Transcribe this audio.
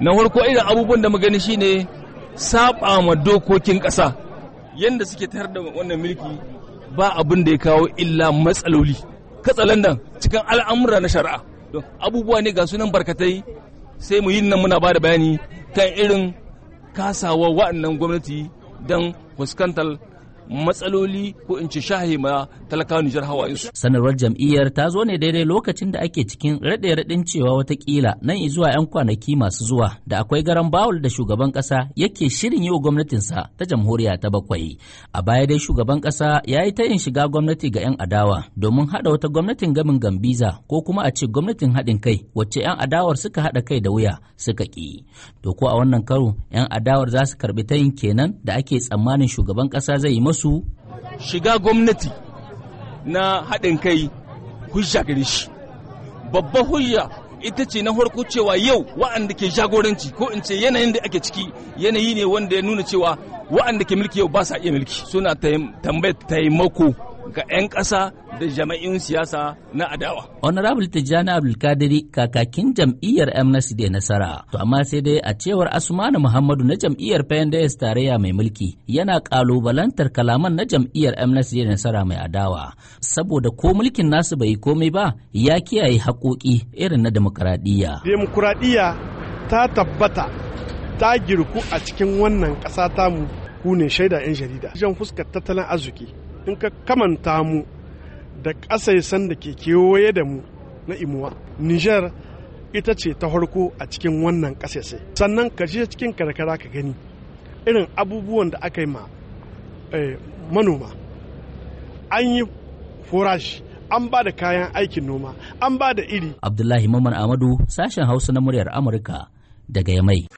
na farko irin abubuwan da magani shine saba ma dokokin ƙasa yadda suke tayar da wannan mulki ba abin da ya kawo illa matsaloli katsalandan cikin al'amura na shari'a abubuwa ne ga sunan barkatai sai mu yi nan muna ba da bayani kan irin kasawa wa'annan gwamnati don fuskantar matsaloli ko in ce shahi ma talakawa Nijar Sanarwar jam'iyyar ta zo ne daidai lokacin da ake cikin raɗe-raɗin cewa watakila nan zuwa 'yan kwanaki masu zuwa da akwai garan bawul da shugaban ƙasa yake shirin yi wa gwamnatinsa ta jamhuriya ta bakwai. A baya dai shugaban ƙasa ya yi ta yin shiga gwamnati ga 'yan adawa domin haɗa wata gwamnatin gamin gambiza ko kuma a ce gwamnatin haɗin kai wacce 'yan adawar suka haɗa kai da wuya suka ƙi. To ko a wannan karo 'yan adawar za su karɓi yin kenan da ake tsammanin shugaban ƙasa zai yi su shiga gwamnati na haɗin kai hujja gare shi babba hujja ita ce na farko cewa yau wa'anda ke jagoranci ko in ce yanayin da ake ciki yanayi ne wanda ya nuna cewa wa'anda ke mulki yau ba sa iya mulki suna tambayar taimako ga 'yan ƙasa da jama'in siyasa na adawa. Honorable Tijjani Abdulkadiri kakakin jam'iyyar Amnesty da nasara. To amma sai dai a cewar Asmanu Muhammadu na jam'iyyar PNDS tarayya mai mulki yana kalubalantar kalaman na jam'iyyar Amnesty da nasara mai adawa. Saboda ko mulkin nasu bai yi komai ba ya kiyaye haƙoƙi irin na demokuraɗiyya. Demokuraɗiyya ta tabbata ta girku a cikin wannan ƙasa tamu ku ne shaida 'yan jarida. Jan fuskar tattalin arziki in ka kamanta mu da ƙasaisan da ke kewaye da mu na imuwa niger ita ce ta farko a cikin wannan ƙasaisai sannan ka je cikin karkara ka gani irin abubuwan da aka yi ma eh, manoma an yi forashi an ba da kayan aikin noma an ba da iri abdullahi Mamman amadu sashen hausa na muryar amurka daga yamai